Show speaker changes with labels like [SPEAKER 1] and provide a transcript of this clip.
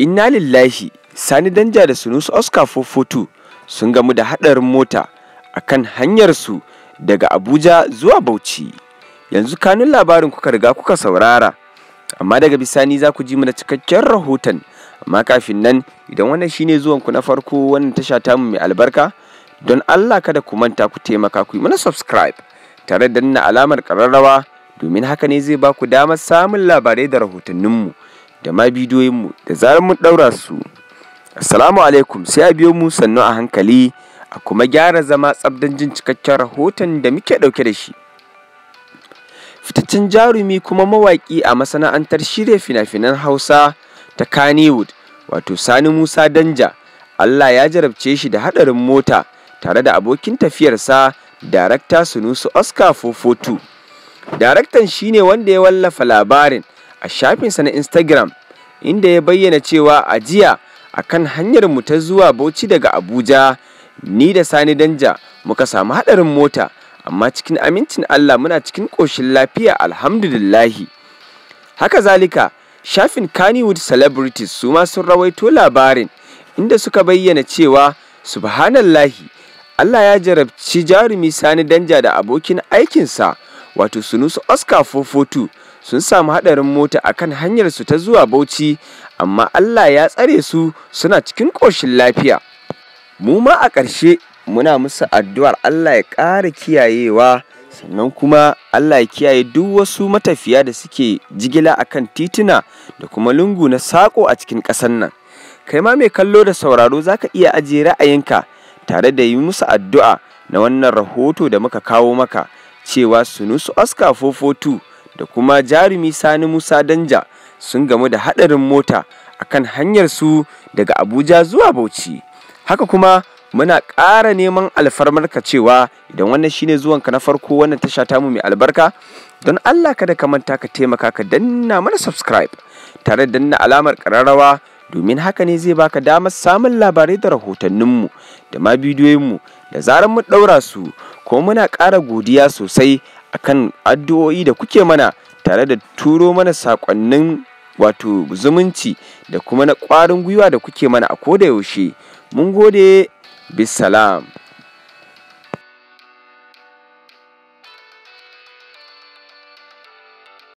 [SPEAKER 1] Inna lillahi Sani Danja da Sunusu Oscar 442 sun gamu da haɗarin mota a kan hanyarsu daga Abuja zuwa Bauchi. Yanzu kanun labarin kuka riga kuka saurara, amma daga bisani za ku ji mu da cikakken rahoton. Amma kafin nan idan wannan shine zuwanku na farko wannan tasha tamu mai albarka, don Allah kada ku manta ku taimaka ku yi mana subscribe tare da nuna alamar ƙararrawa domin haka ne zai ba ku damar samun labarai da rahotanninmu. da ma bidiyoyinmu da zarar mun ɗaura su. Assalamu alaikum sai a biyo mu sannu a hankali a kuma gyara zama tsabdan jin cikakken rahoton da muke ɗauke da shi. Fitaccen jarumi kuma mawaƙi a masana'antar shirya fina-finan Hausa ta Kannywood wato Sani Musa Danja Allah ya jarabce shi da haɗarin mota tare da abokin tafiyarsa darakta Sunusu Oscar 442. Daraktan shine wanda ya wallafa labarin a shafinsa na Instagram inda ya bayyana cewa a jiya a kan hanyar ta zuwa Bauchi daga Abuja ni da Sani Danja muka samu haɗarin mota amma cikin amincin Allah muna cikin ƙoshin lafiya alhamdulillahi. Haka zalika shafin Kannywood Celebrities su ma sun rawaito labarin inda suka bayyana cewa subhanallahi Allah ya jarabci jarumi Sani Danja da abokin aikinsa wato Sunusu Oscar 442 sun samu haɗarin mota a kan hanyarsu ta zuwa Bauchi amma Allah ya tsare su suna cikin ƙoshin lafiya. Mu ma a ƙarshe muna musu addu'ar Allah ya ƙara kiyayewa sannan kuma Allah ya kiyaye duk wasu matafiya da suke jigila a kan tituna da kuma lungu na saƙo a cikin ƙasar nan. Kai ma mai kallo da sauraro za ka iya ajiye ra'ayinka tare da yi musu addu'a na wannan rahoto da muka kawo maka cewa Sunusu Oscar 442 da kuma jarumi Sani Musa Danja sun gamu da haɗarin mota a kan hanyarsu daga Abuja zuwa Bauchi. Haka kuma muna ƙara neman alfarmarka cewa idan wannan shine zuwanka na farko wannan tasha tamu mai albarka don Allah kada ka manta ka taimaka ka danna mana subscribe tare da danna alamar ƙararrawa domin haka ne zai baka damar samun labarai da rahotanninmu da ma bidiyoyinmu da zarar mu ɗaura su kuma muna ƙara godiya sosai akan addu'o'i da kuke mana tare da turo mana saƙonnin wato zumunci da kuma na ƙwarin gwiwa da kuke mana a koda yaushe. Mun gode, bissalam.